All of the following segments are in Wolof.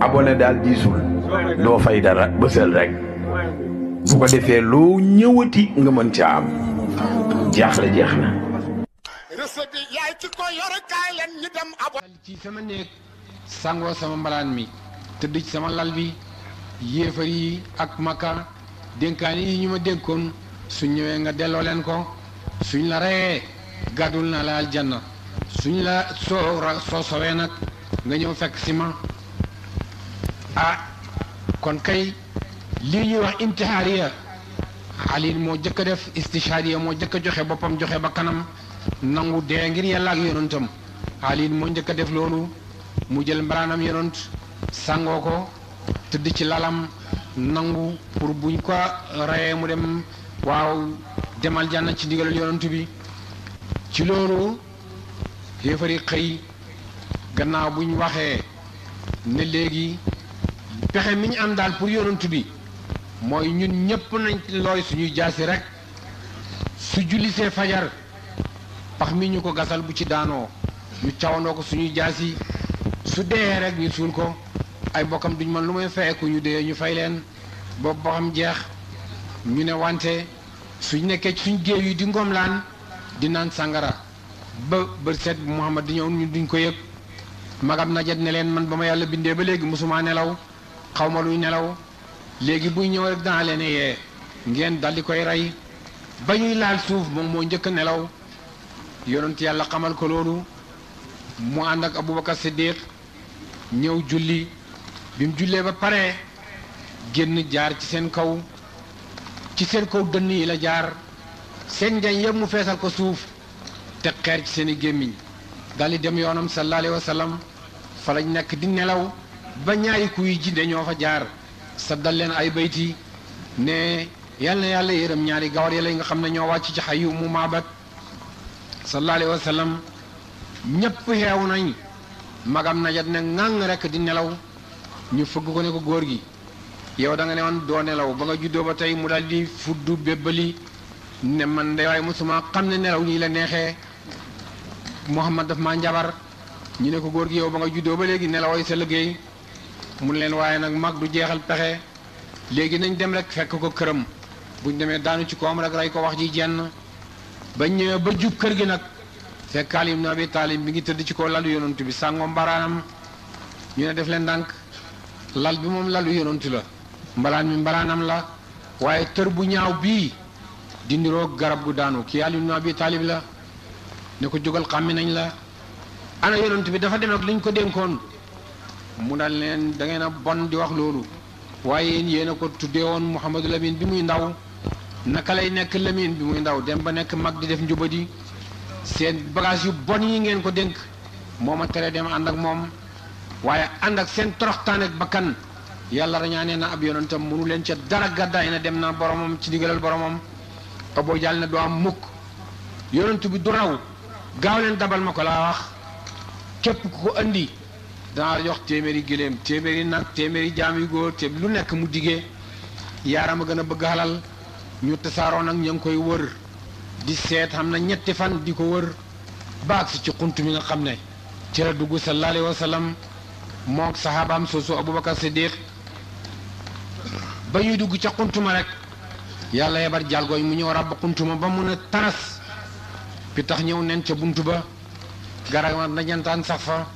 abonné daal diisul doo fay dara bësal rek bu defee loo ñëwati nga mën ca am jaaxle jeex na recette bi yaay ci ko yore kaay leen ñu dem abonné ci sama néeg sangoo sama mbalaan mi tëdd ci sama lal bi yéefar yi ak makka dénkaan yi ñu ma dénkoon su ñëwee nga delloo leen ko suñ la reyee gàddul naa la aljanna suñ la soo soo sowee nag nga ñëw fekk ciment ah kon kay lii ñuy wax intihaariya alin moo jëkk a def istishaariya moo jëkk a joxe boppam joxe ba kanam nangu dee ngir yàlla ak yonentam alin moo njëkk def loolu mu jël mbaraanam yonent sangoo ko tëdd ci lalam nangu pour buñ ko reyee mu dem waaw demal jànna ci ndigalal yonent bi ci loolu yéefari xëy gannaaw bu ñu waxee ne léegi pexe mi ñu am daal pour yonent bi mooy ñun ñëpp nañ looy suñuy jaasi rek su jullisee fajar pax mi ñu ko gasal bu ci daanoo ñu cawandoo ko suñuy jaasi su dee rek ñu suul ko ay bokkam duñ man lu may fayeku ñu dee ñu fay leen boobu boo xam jeex ñu ne wante suñ nekkee ci suñ géew yi di ngoom laan di naan sàngara ba bër set bu Muhammad di ñëw ñu duñ ko yëg magam najat ne leen man ba ma yàlla bindee ba léegi musumaa nelaw xaw ma luy nelaw léegi buy ñëw rek danaa leen yee ngeen dal di koy rey ba ñuy laal suuf moom moo njëkk nelaw yonent yàlla xamal ko loolu mu ànd ak Aboubacar Siddiq ñëw julli bi mu jullee ba pare génn jaar ci seen kaw ci seen kaw dënn yi la jaar seen njañ yëpp mu feesal ko suuf te xeer ci seeni gémmiñ daal di dem yoonam sallallahu alayhi wa sallam fa lañ nekk di nelaw ba ñaari kuy ji dañoo fa jaar saddal leen ay bayti ne yal yàlla yërëm ñaari gawar yi nga xam ne ñoo wàcc ci xayu mu maabat sallallahu alayhi wa sallam ñëpp xeew nañ magam najat ne ŋàng rek di nelaw ñu fëgg ko ne ko góor gi yow danga nga ne woon doo nelaw ba nga juddoo ba tey mu daal di fuddu bébbali ne man de waaye mosuma xam ne nelaw nii la neexee Mouhamad daf ma njabar ñu ne ko góor gi yow ba nga juddoo ba léegi nelawooy sa liggéey mun leen waaye nag mag du jeexal pexe léegi nañ dem rek fekk ko këram buñ demee daanu ci koom rek rey ko wax ji jenn bañ ñëwee ba jub kër gi nag fekk Ali ibn Abi Taalib bi ngi tëdd ci ko lalu yonantu bi sàngoo mbaraanam ñu ne def leen ndànk lal bi moom lalu yonantu la mbalaan bi mbaraanam la waaye tër bu ñaaw bii dindiroog garab gu daanu kii Ali ibn Abi la ne ko jogal xammi nañ la ana yonent bi dafa dem ak liñ ko denkon mu dal leen da ngay na bon di wax lolu waye yeen a ko tudde won Mouhamadou Lamine bi muy ndaw naka lay nek lamin bi muy ndaw dem ba nek mag di def njubadi seen bagage yu bon yi ngeen ko denk moma tere dem and ak mom waye and ak seen toroxtan ak bakkan yàlla rañaanee na ab yonentam nu leen ci dara gaday na dem na boromam ci digelal boromam abo jall na do am mukk yonent bi du raw gaaw leen dabal ma ko laa wax képp ku ko andi danaa jox téeméeri gëléem téeméeri nag téeméeri jaam yu góor te lu nekk mu digee yaarama a gën a bëgg halal ñu tasaaroo nag ña ngi koy wër di seet xam na ñetti fan di wër baag ci xunt mi nga xam ci la dugg sallallahu alayhi wa sallam sahabam sahabaam soosu abubakar siddiq ba ñuy dugg ca ma rek yàlla yebar jalgooñ mu ñëw ma ba mun a taras pi tax ñëw nen ca bunt ba garamat na ñantaan sax fa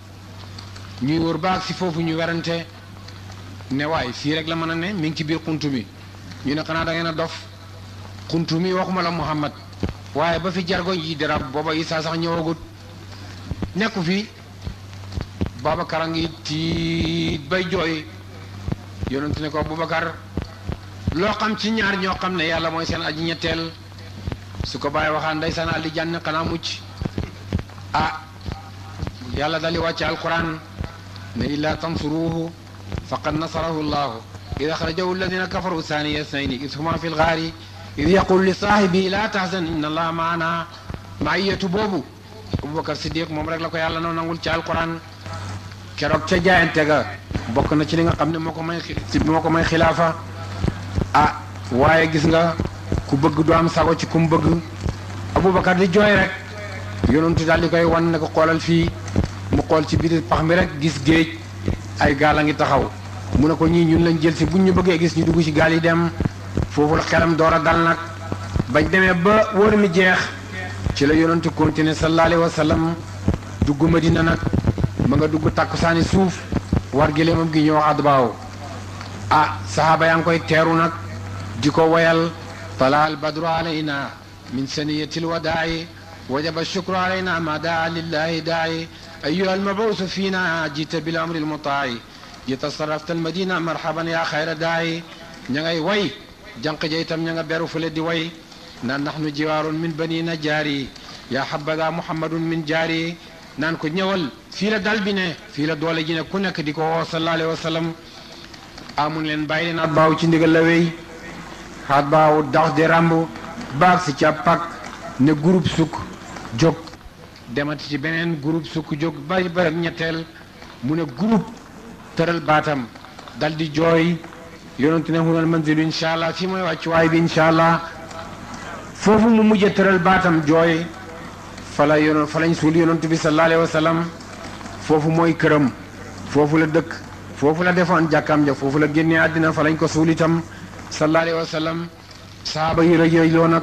ñuy wër baag si foofu ñu werante ne waay sii rek la mën a ne mi ngi ci biir xunt mi ñu ne xanaa da ngeen a dof xunt mi waxuma la Muhammad waaye ba fi jargoñ yi darab booba Isaa sax ñëwagut nekku fi Babacar a ngi tiit bay jooy yonent ne ko Boubacar loo xam ci ñaar ñoo xam ne yàlla mooy seen aji ñetteel su ko bàyyi waxaan ndeysaan àlli jànn xanaa ah yàlla dali wàcce alquran ne illaa tansuruuhu faqad nasarahu llahu id axrajahu alladina kafaru thaniya snayni huma fi lgaari id yaqulu li saahibi laa tahzan inna allaha maana maayiyatu boobu aboubacar siddiq moom rek la ko yàlla noo nangul ci alquran keroog ca jaayante ga bokk na ci li nga xam ne moo ko may moo ko ku bëgg du am sago ci kum bëgg abubakar di joy rek yonentu dal di wan ne ko xoolal fii mu xol ci biir pax mi rek gis geej ay gaala ngi taxaw mu ne ko ñi ñun lañ jël si buñ ñu bëggee gis ñu dugg ci gaal yi dem foofu la xelam doora dal nag bañ demee ba wóor mi jeex ci la yonentu continué sallallahu alayhi wasallam sallam dugg madina nag ma nga dugg tàkkusaani suuf war gi gi ñëw adbaaw ah sahaba yaa ngi koy teeru nag di ko طلع البدر علينا من سنية الوداع وجب الشكر علينا ما دعا لله داعي أيها المبعوث فينا جيت بالأمر المطاع جيت صرفت المدينة مرحبا يا خير داعي نغي وي جنق جيتم نغا بيرو فلدي وي نان نحن جوار من بني نجاري يا حبذا محمد من جاري نان كو نيول في لا دال دوله جي نه ديكو صلى الله عليه وسلم امون لين باي اباو سي نديغال xaat baaw dax di ràmb baax si ca pak ne groupe sukk jóg demati ci beneen groupe sukk jóg ba barab ñetteel mu ne groupe tëral baatam dal di jooy yonentu ne hunal manzilu incha allah fii mooy wàccuwaay bi incha allah foofu mu mujj tëral baatam jooy fala yonon fa lañ suul yonentu bi sallallahu alayhi wa foofu mooy këram foofu la dëkk foofu la defoon jàkkaam ja foofu la génnee àddina fa lañ ko suul itam sallallahu alayhi wa sallam saaba yi rëj rëj loo nag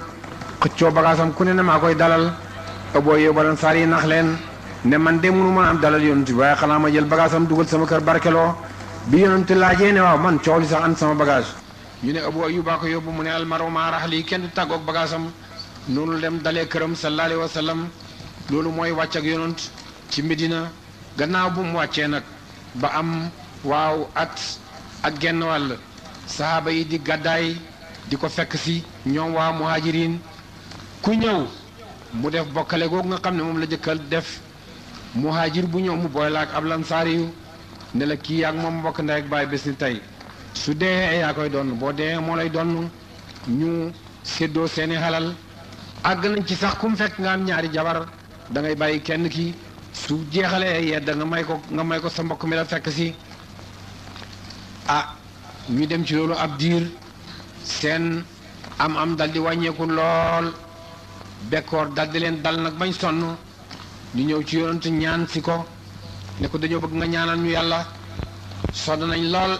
xëccoo bagaasam ku ne ne maa koy dalal aboo yow ba doon saar yi nax leen ne man de mënu ma am dalal yonent bi waaye xanaa ma jël bagaasam dugal sama kër barkeloo bi yonent laajee ne waaw man coow li sax an sama bagage ñu ne abu ayuba ko yóbbu mu ne almaro maa raxli kenn tàggook tàggoog bagaasam noonu dem dalee këram sallallahu alayhi wa sallam loolu mooy wàcc ak yonent ci Medina gannaaw bu mu wàccee nag ba am waaw at ak genn wàll sahaaba yi di gàddaay di ko fekk si ñoom waa muhajirin ku ñëw mu def bokkale googu nga xam ne moom la jëkkal def muhajir bu ñëw mu booy laak ab lansaar yu ne la kii ak moom mbokk ndey ak baay tey su dee yaa koy donn boo dee moo lay donn ñu seddoo seeni xalal àgg nañ ci sax ku mu fekk nga am ñaari jabar da ngay bàyyi kenn ki su jeexalee yedda nga may ko nga may ko sa mbokk mi la fekk si ah, ñu dem ci loolu ab diir seen am-am daldi wàññeeku lool bekkoor dal leen dal nag bañ sonn ñu ñëw ci yonent ñaan si ko ne ko dañoo bëgg nga ñaanal ñu yàlla sonn nañ lool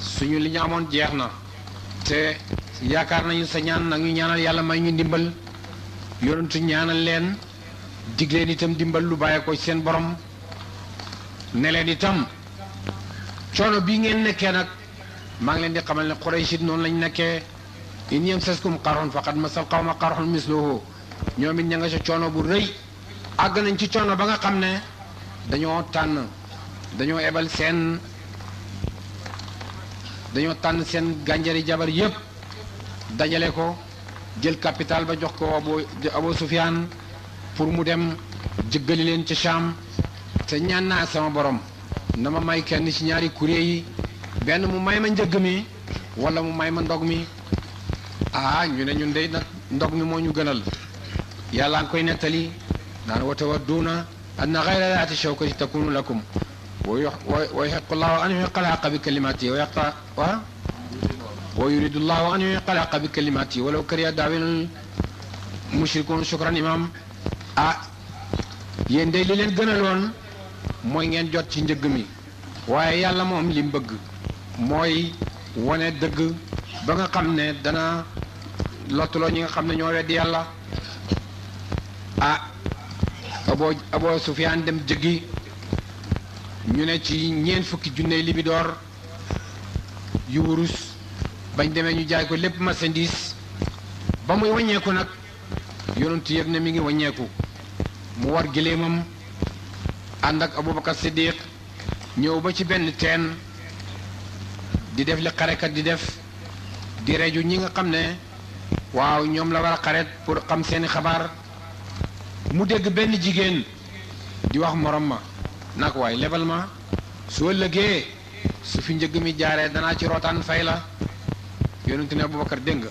suñu li ñu amoon jeex na te yaakaar nañu sa ñaan nag ñu ñaanal yàlla may ñu ndimbal yonent ñaanal leen dig itam dimbal lu bàyyi ko seen borom ne leen itam coono bii ngeen nekkee nag. maa ngi leen di xamal ne Quraysh noonu lañ nekkee in yamsaskum qarhun faqad masal qawma qarhun misluhu ñoom it ña nga ca coono bu rëy àgg nañ ci coono ba nga xam ne dañoo tànn dañoo ebal seen dañoo tànn seen gànjari jabar yépp dajale ko jël capital ba jox ko abo abo Sufyaan pour mu dem jëggali leen ci Sham te ñaan naa sama borom na ma may kenn ci ñaari kuréel yi benn mu may ma njëgg mi wala mu may ma ndog mi ah ñu ne ñun day nag ndog mi moo ñu gënal yàlla ngi koy nettali naan wa tawadduuna anna xayra daati shawkati takunu lakum wa yuhiqqu llahu an yuhiqqa alhaqa bi kalimatihi wa yaqta wa wa yuridu llahu an yuhiqqa alhaqa bi kalimatihi walaw kariha daawinul mushrikuun shukran imam ah yéen day li leen gënaloon mooy ngeen jot ci njëgg mi waaye yàlla moom li mu bëgg mooy wane dëgg ba nga xam ne dana lottuloo ñi nga xam ne ñoo weddi yàlla ah abo abo sufiyaan dem jëggi ñu ne ci ñeent fukki junne libidoor yu wurus bañ demee ñu jaay ko lépp marsandiis ba muy wàññeeku nag yonent yëg ne mi ngi wàññeeku mu war giléemam ànd ak abubakar siddiq ñëw ba ci benn teen di def li kat di def di reju ñi nga xam ne waaw ñoom la war a xaret pour xam seeni xabaar mu dégg benn jigéen di wax morom ma nag waay lebal ma soo lëgee su fi njëgg mi jaaree danaa ci rotaan fay la yonent ne abubakar dégg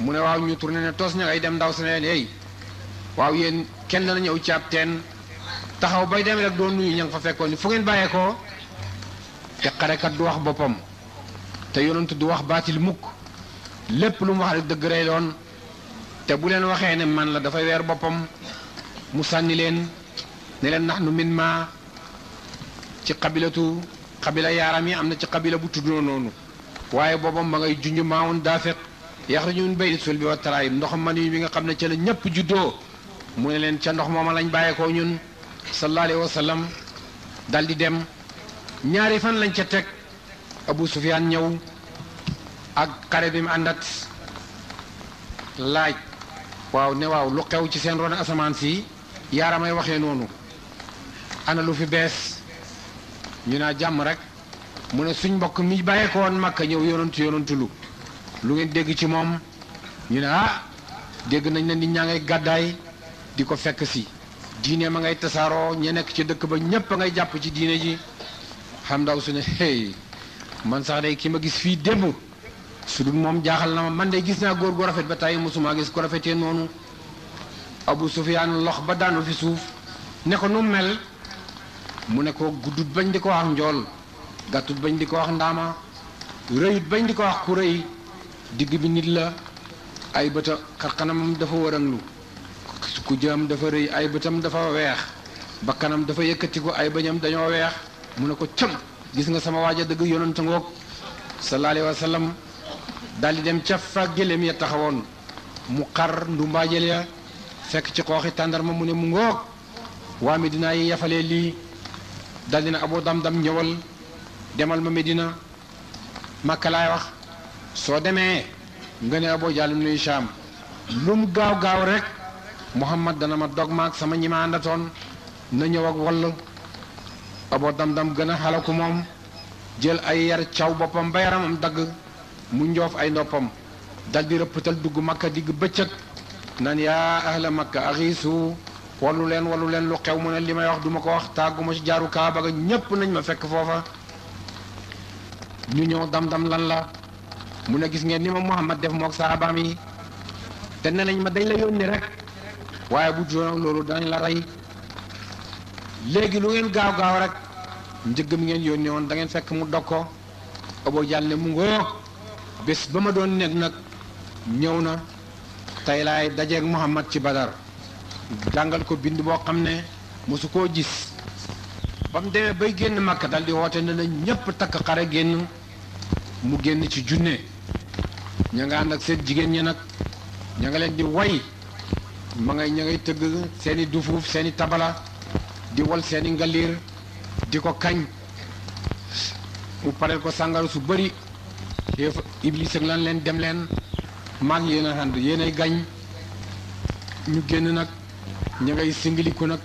mu ne waaw ñu tourné ne tos ña ngay dem ndaw sa neen ey waaw yéen kenn na ñëw ci ab teen taxaw bay dem rek doon nuyu fa fekkoon ni fu ngeen bàyyee ko te xarekat du wax boppam te yonent du wax baatil mukk lépp lu mu wax rek dëgg rey doon te bu leen waxee ne man la dafay weer boppam mu sànni leen ne leen nax nu min ma ci xabilatu xabila yaaram yi am na ci xabila bu tuddoo noonu waaye boobam ma ngay junj maawoon daafeq yaxruju min bayni sulbi wa taraayib ndox man yi mi nga xam ne ca la ñëpp juddoo mu ne leen ca ndox ma lañ bàyyeekoo ñun sallallahu alayhi wa sallam dal di dem ñaari fan lañ ca teg Abu Sufyaan ñëw ak xare bi mu àndat laaj waaw ne waaw lu xew ci seen ron asamaan si yaaram ay waxee noonu ana lu fi bees ñu naa jàmm rek mu ne suñ mbokk mi bàyyeekoon Makka ñëw yonantu yonantu lu lu ngeen dégg ci moom ñu ne ah dégg nañ ne nit ñaa ngay gàddaay di ko fekk si diine ma ngay tasaaroo ña nekk ci dëkk ba ñépp a ngay jàpp ci diine ji xam ndaw su hey man sax day ki ma gis fii démb su dul moom jaaxal na ma man de gis naa góor gu rafet ba tàyyi mosuma gis ko rafetee noonu Abu Sufyaan lox ba daanu fi suuf ne ko nu mel mu ne ko guddut bañ di ko wax njool gàttut bañ di ko wax ndaama rëyut bañ di ko wax ku rëy digg bi nit la ay bëta xarxanamam dafa wëranglu ku jëm dafa rëy ay bëtam dafa weex bakkanam dafa yëkkatiku ay bañam dañoo weex mu ne ko cëm gis nga sama waaja dëgg yonent ngoog sallallahu alayhi wa sallam dem ca fa gëléem ya taxawoon mu xar ndumbaajal ya fekk ci xooxi tàndarma mu ne mu ngoog waa Medina yi yafalee lii daal dina Abu Damdam ñëwal demal ma Medina Makka laay wax soo demee nga ne Abu Jahl nuy Shaam lu gaaw gaaw rek Muhammad dana ma dog maag sama ñi ma àndatoon na ñëw ak wall abo dam-dam gën a xalaku moom jël ay yar caw boppam ba yaram am dagg mu njoof ay noppam dal di rëpptal dugg makka digg bëccëg nan yaa ahla makka axiisu wallu leen wallu leen lu xew mu ne li may wax duma ko wax tàgguma ci jaaru kaaba ga ñépp nañ ma fekk foofa ñu ñëw dam-dam lan la mu ne gis ngeen ni ma Muhammad def mook saabaam yi te ne nañ ma dañ la yónni rek waaye bu juróom loolu danañ la rey léegi lu ngeen gaaw gaaw rek njëgg mi ngeen yónnee woon da ngeen fekk mu dog ko Abu Jahl ne mu ngoo bés ba ma doon nekk nag ñëw na tey laay dajeeg Muhammad ci Badar jàngal ko bind boo xam ne mosu ko gis ba mu demee bay génn Makka dal di woote ne na ñépp takk xare génn mu génn ci junne ña nga ànd ak seen jigéen ñi nag ña nga leen di way ma ngay ña ngay tëgg seen dufuuf seen i tabala di wal seeni i ngaliir di ko kañ mu pareel ko sàngara su bëri yéef iblis ak lan leen dem leen maag yéen a yéen ay gañ ñu génn nag ñu ngay singiliku nag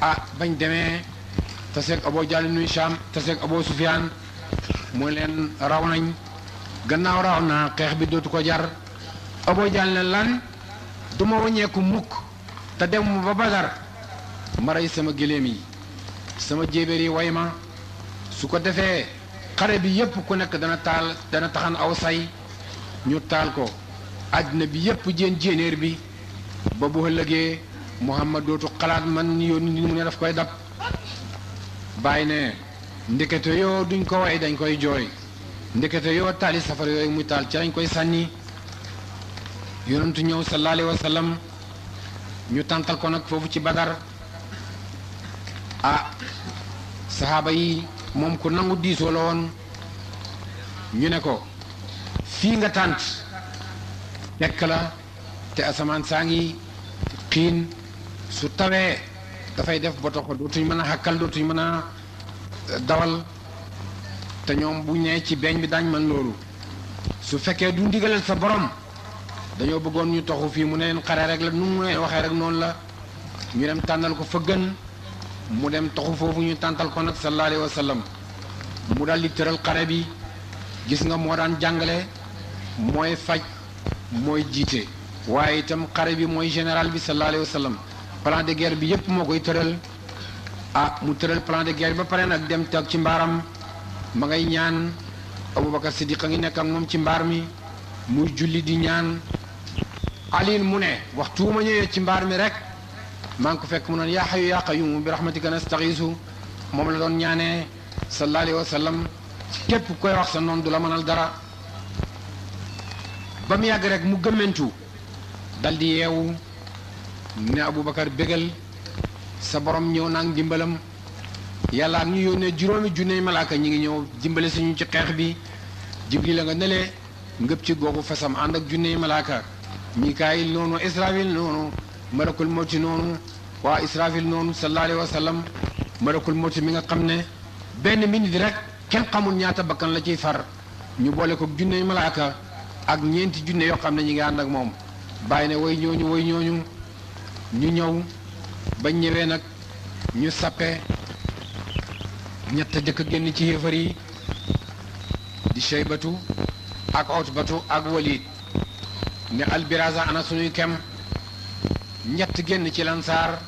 ah bañ demee taseeg abo jàlli nuy Sham taseeg oboo Sufyaan mu leen raw nañ gannaaw raw na xeex bi dootu ko jar oboo jàll ne lan du ma waññeeku mukk te dem ba Badar ma rey sama géléem yi sama jéebéer yi way ma su ko defee xare bi yépp ku nekk dana taal dana taxan aw say ñu taal ko àddina bi yépp jén jéenéer bi ba bu ëllëgee Muhammad dootu xalaat man yónni ni mu ne daf koy dab bàyyi ne ndekete yoo duñ ko way dañ koy jooy ndekete yoo taali safara yooyu muy taal ci lañ koy sànni yonentu ñëw sallallahu alayhi wa sallam ñu tàntal ko nag foofu ci Badar ah saxaaba yi moom ku nangu diisoo la woon ñu ne ko fii nga tànt nekk la te asamaan saa ngi xiin su tawee dafay def ba tax dootuñ mën a xàkkal dootuñ mën a eh, dawal te ñoom bu ñee ci beeñ bi daañ mën loolu su fekkee du ndigalal sa borom dañoo bëggoon ñu toxu fii mu ne leen xare rek la nu mu waxee rek noonu la ñu dem tànnal ko fa gën mu dem taxu foofu ñu tàntal ko nag sallallahu alayhi wa mu daal di tëral xare bi gis nga moo daan jàngale mooy faj mooy jiite waaye itam xare bi mooy général bi sallallahu alayhi wa sallam guerre bi yépp moo koy tëral ah mu tëral plan de guerre ba pare nag dem toog ci mbaaram ma ngay ñaan Aboubacar Siddiq a ngi nekk ak moom ci mbaar mi muy julli di ñaan Alioune mu ne waxtu ma ñëwee ci mbaar mi rek. maa ngi ko fekk mu noon yaa xayu yaa qayumu bi rahmatika nastaxiisu moom la doon ñaane sallallahu alayhi wa sallam képp koy wax sa noon du la mënal dara ba mu yàgg rek mu gëmmentu dal di yeewu ne Aboubacar bégal sa borom ñëw naa ngi dimbalam yàlla ak ñu yónnee juróomi junne malaaka ñi ngi ñëw dimbale suñu ci xeex bi jibril la nga nelee ngëp ci googu fasam ànd ak junne malaaka mikaayil noonu israfil noonu malakul mawti noonu waa israfil noonu sallallahu alayhi wa sallam malakul mawti mi nga xam ne benn minute rek kenn xamul ñaata bakkan la ciy far ñu boole ko junne malaaka ak ñeenti junne yoo xam ne ñi ngi ànd ak moom bàyyi ne way ñooñu way ñooñu ñu ñëw bañ ñëwee nag ñu sappe ñett jëkk génn ci yéefar yi di batu ak ot Utbatu ak Walid ne albiraza ana suñuy kem ñett génn ci lansaar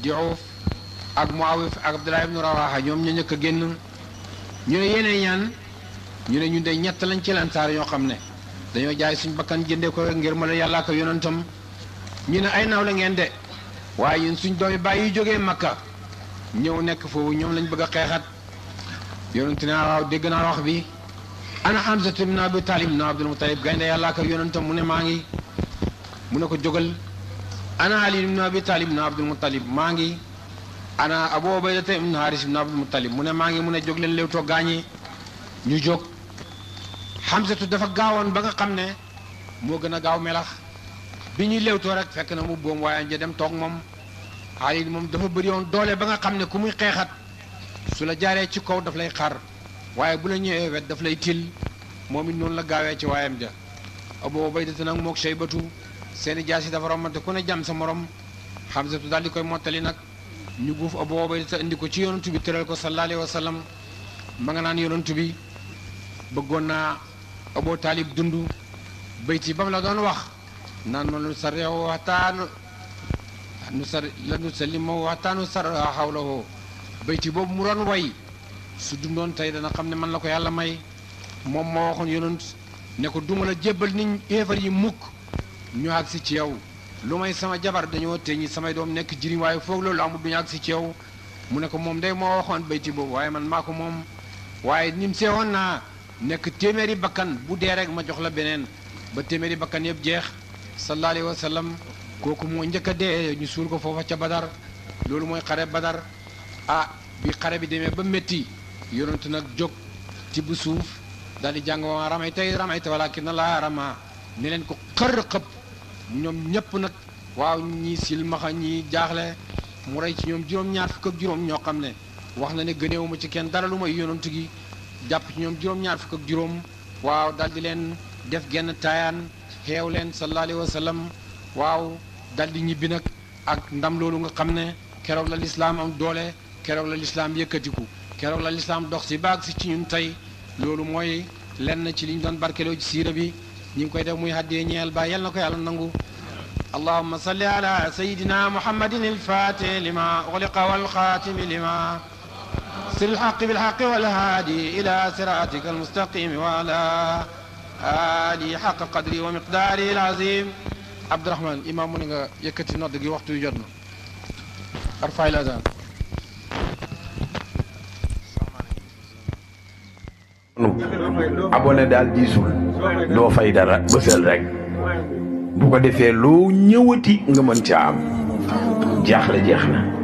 di Awf ak Muawif ak Abdullah ibnu Rawaha ñoom ñu ñëkk a génn ñu ne yeneen ñaan ñu ne ñun de ñett lañ ci lansaar yoo xam ne dañoo jaay suñ bakkan jëndee ko ngir ma la yàlla ak ñu ne ay naaw la ngeen de waaye ñun suñ doomi bàyyi yu jógee Makka ñëw nekk foofu ñoom lañ bëgg a xeexat yonente naa waaw dégg naa wax bi ana na Abdul Mutalib gaynde yàlla ak mu ne maa ngi mu ne ko jógal ana ali ibn abi talib ibn abdul muttalib maa ngi ana abu ubaydata ibn haris ibn abdul muttalib mu ne maa ngi mu a jóg leen léew too ñu jóg xamsatu dafa gaawoon ba nga xam ne moo gën a gaaw melax bi ñuy léewtoo rek fekk na mu boom waaye ja dem toog moom Ali moom dafa bëri woon doole ba nga xam ne ku muy xeexat su la jaaree ci kaw daf lay xar waaye bu la ñëwee wet daf lay til moom it noonu la gaawee ci waayam ja Abu Ubayda nag mook Shaybatu seeni jaas yi dafa rombante ku ne jam sa morom Hamzatu daal di koy mottali nag ñu buuf Abu Ubayda indi ko ci yonantu bi tëral ko sa alayhi wa sallam ma nga naan yonantu bi bëggoon naa yi ba mu la doon wax naan waxtaanu nu sar la nu salima waxtaanu sar boobu mu doon way su dundoon tey dana xam ne man la ko yàlla may moom moo waxoon yonant ne ko duma la jébbal nit ñi yéefar yi mukk ñu agsi ci yow lu may sama jabar dañoo teñi samay doom nekk jëriñ waaye foog loolu amul duñu agsi ci yow mu ne ko moom day moo waxoon bayti boobu waaye man maa ko moom waaye nim seewoon naa nekk téeméeri bakkan bu dee rek ma jox la beneen ba téeméeri bakkan yëpp jeex sallallahu alayhi wa sallam kooku moo njëkk a dee ñu suul ko foofa ca Badar loolu mooy xare Badar ah bi xare bi demee ba metti yonentu nag jóg ci bu suuf daal di jàng wa ramay tey ramay te walakin Allah rama ne leen ko xër ñoom ñëpp nag waaw ñii silmaxa ñi jaaxle mu rey ci ñoom juróom-ñaar fukk ak juróom ñoo xam ne wax na ne gëneewuma ci kenn dara lu may yonantu gi jàpp ci ñoom juróom-ñaar fukk ak juróom waaw daldi leen def genn taayaan xeew leen sallallahu alayhi wa sallam waaw daldi ñibbi nag ak ndam loolu nga xam ne keroog la lislaam am doole keroog la lislaam yëkkatiku keroog la lislaam dox si baag si ci ñun tey loolu mooy lenn ci li ñu doon barkeloo ci siira bi ñu ngi koy def muy haddee ñeel ba yal na ko yàlla nangu allahumma salli ala sayidina muhammadin alfatih lima ughliqa walxaatimi lima sir alxaqi bilxaqi walhaadi ila siratika almustaqimi wa ala ali xaqa qadri wa miqdaari alazim abdurahman imam mu ne nga yëkkati nodd gi waxtu yu jot na arfaay al azan nu abonné daal diisul doo fay dara bësal rek bu ko defee loo ñëwati nga mën ca am jaaxle jeex na